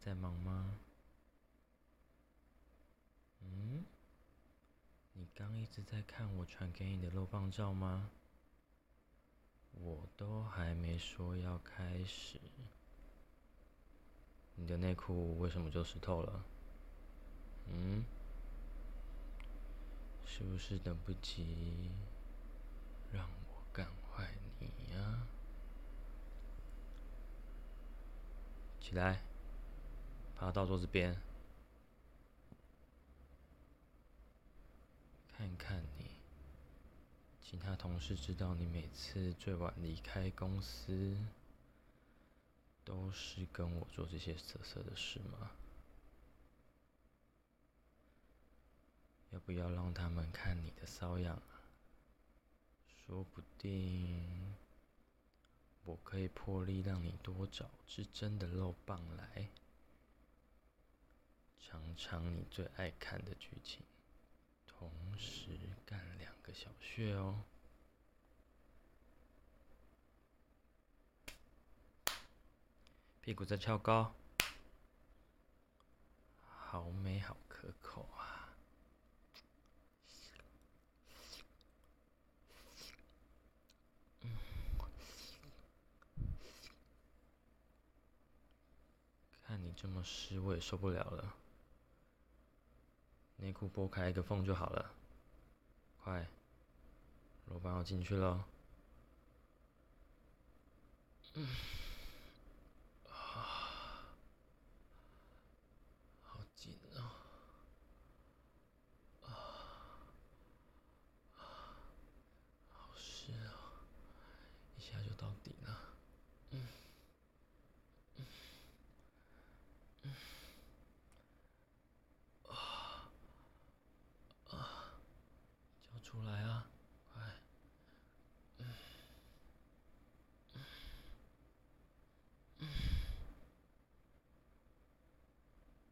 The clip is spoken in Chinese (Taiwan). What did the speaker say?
在忙嗎？嗯？你剛一直在看我傳給你的露棒照嗎？我都還沒說要開始，你的內褲為什麼就濕透了？嗯？是不是等不及讓我幹壞你呀、啊？起來。爬到桌子邊，看看你。其他同事知道你每次最晚離開公司，都是跟我做這些色色的事嗎？要不要讓他們看你的騷樣？說不定我可以破例讓你多找隻真的肉棒來。嚐嚐你最愛看的劇情，同時幹兩個小穴哦！屁股再翹高，好美好可口啊！嗯，看你這麼濕，我也受不了了。內褲撥開一個縫就好了，快！老闆要進去了、嗯、啊，好緊哦！啊啊，好濕啊、哦！一下就到底了。